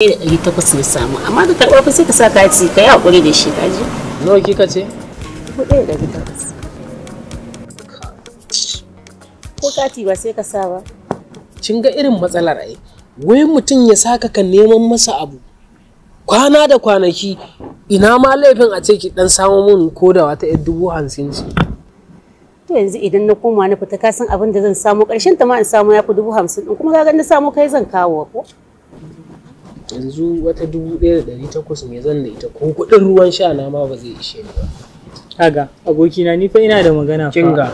da ɗari takwas na samu amma da karɓar fa sai ka sa kati ka yi haƙuri da shi kaji. nawa kika ce? ko kati ba sai ka sa ba. kin ga irin matsalar ai wai mutum ya saka ka neman masa abu kwana da kwanaki ina ma laifin a ce ki dan samu mun ko da wata yar dubu hamsin ce. to yanzu idan na koma na fita ka san abin da zan samu ƙarshen ta ma in samu ya ku dubu hamsin ɗin kuma ka ga na samu kai zan kawo ko. yanzu wata dubu ɗaya da ɗari takwas mai zan da ita ko kuɗin ruwan sha na ma ba zai ishe ni ba kaga abokina ni fa ina da magana fa. kinga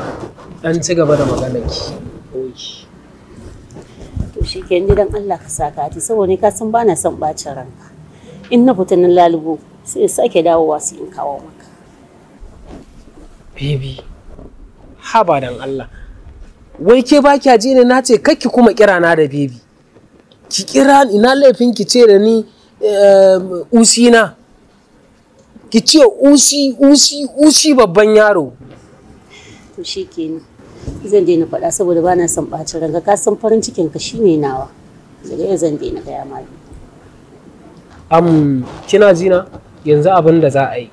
dan ci gaba da magana ki to shi ke ni dan Allah ka saka ti saboda ka san bana son bacin ranka in na fita nan lalubo sai sake dawowa su in kawo maka Bibi, haba dan Allah wai ke ba kya ji ne na ce kakki kuma kira na da bibi. ki kira ni, ina laifin ki ce da ni eh, na, ki ce usi usi usi babban yaro to shikenan zan daina faɗa saboda ba na son ɓacin ranka ka san farin cikin ka shine nawa daga yau zan daina gaya ma am kina jina yanzu abin da za a yi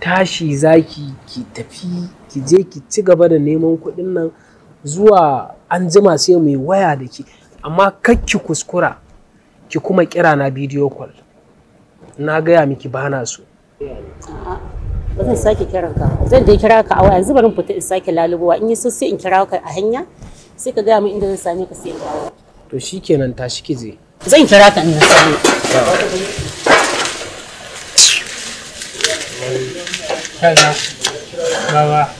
tashi zaki ki tafi ki je ki ci gaba da neman kuɗin nan zuwa an jima sai mai waya da ki amma kakki kuskura ki kuma kira na bidiyo call na gaya miki bana so ba zan sake kira ka zan je kira ka a waya yanzu bari fita in sake lalubowa in yi so sai in kira ka a hanya sai ka gaya min inda zan same ka sai in dawo to shikenan tashi ki je zan kira ka in same kaga baba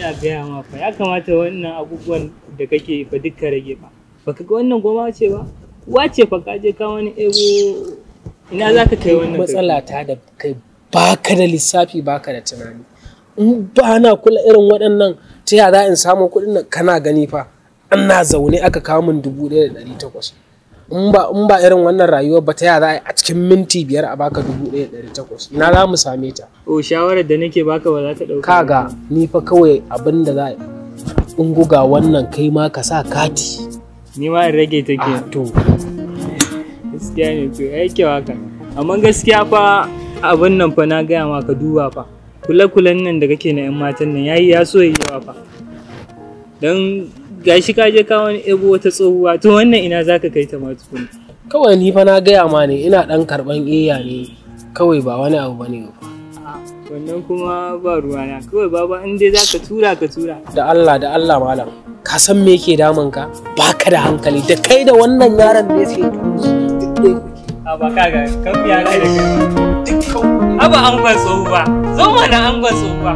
ina gaya maka? ya kamata wannan abubuwan da kake fa duka rage ba baka ga wannan goma ce ba wace fa ka je ka wani ego ina za ka kai wannan matsala ta da kai baka da lissafi baka da tunani in ba na kula irin waɗannan ta ya za in samu kuɗin nan kana gani fa ana zaune aka kawo min dubu ɗaya da ɗari takwas in ba in ba irin wannan rayuwar ba ta ya za a a cikin minti biyar a baka dubu ɗaya da ɗari takwas ina za mu same ta o shawarar da nake baka ba za ta ɗauka kaga ni fa kawai abin da za a in guga wannan kai ma ka sa kati ni ma in rage ta ke ah. to gaskiya ne to ya kyau haka amma gaskiya fa abin nan fa na gaya ma ka duba fa kula-kulan nan da kake na 'yan matan nan yayi ya so yawa fa don gashi ka je ka wani ebo wata tsohuwa to wannan ina zaka kai ta ma tukun kawai ni fa na gaya ma ne ina dan karban iya ne kawai ba wani abu bane ba ah, wannan kuma ba ruwana kawai baba in dai zaka tura ka tura da Allah da Allah malam ka san me yake damun ka ba ka da hankali da kai da wannan yaron ne sai a ba ka ga kan biya ka da kai aba an ba. zo mana an gwan ba.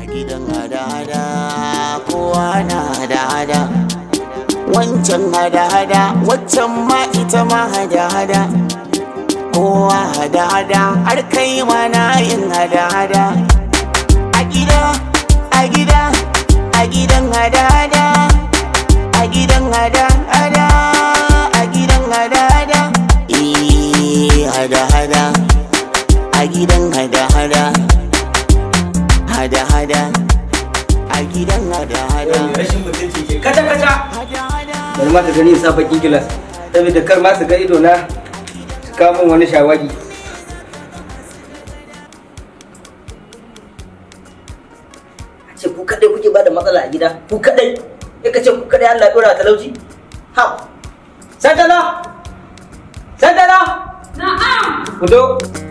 a gidan hada-hada kowa na hada-hada wancan hada-hada waccan ma ita ma hada-hada kowa hada-hada har kai ma na yin hada-hada gidan hada-hada a gidan hada-hada a gidan hada-hada hada-hada a gidan hada-hada hada-hada a gidan hada-hada rashin mutunci ke kata-kata bari ma ta gani sa baki gilas saboda kar ma su ga ido na su kamun wani shawagi ce ku kadai kuke bada matsala a gida ku kadai ya kace ku kadai Allah dora talauci ha sandala sandala na'am ku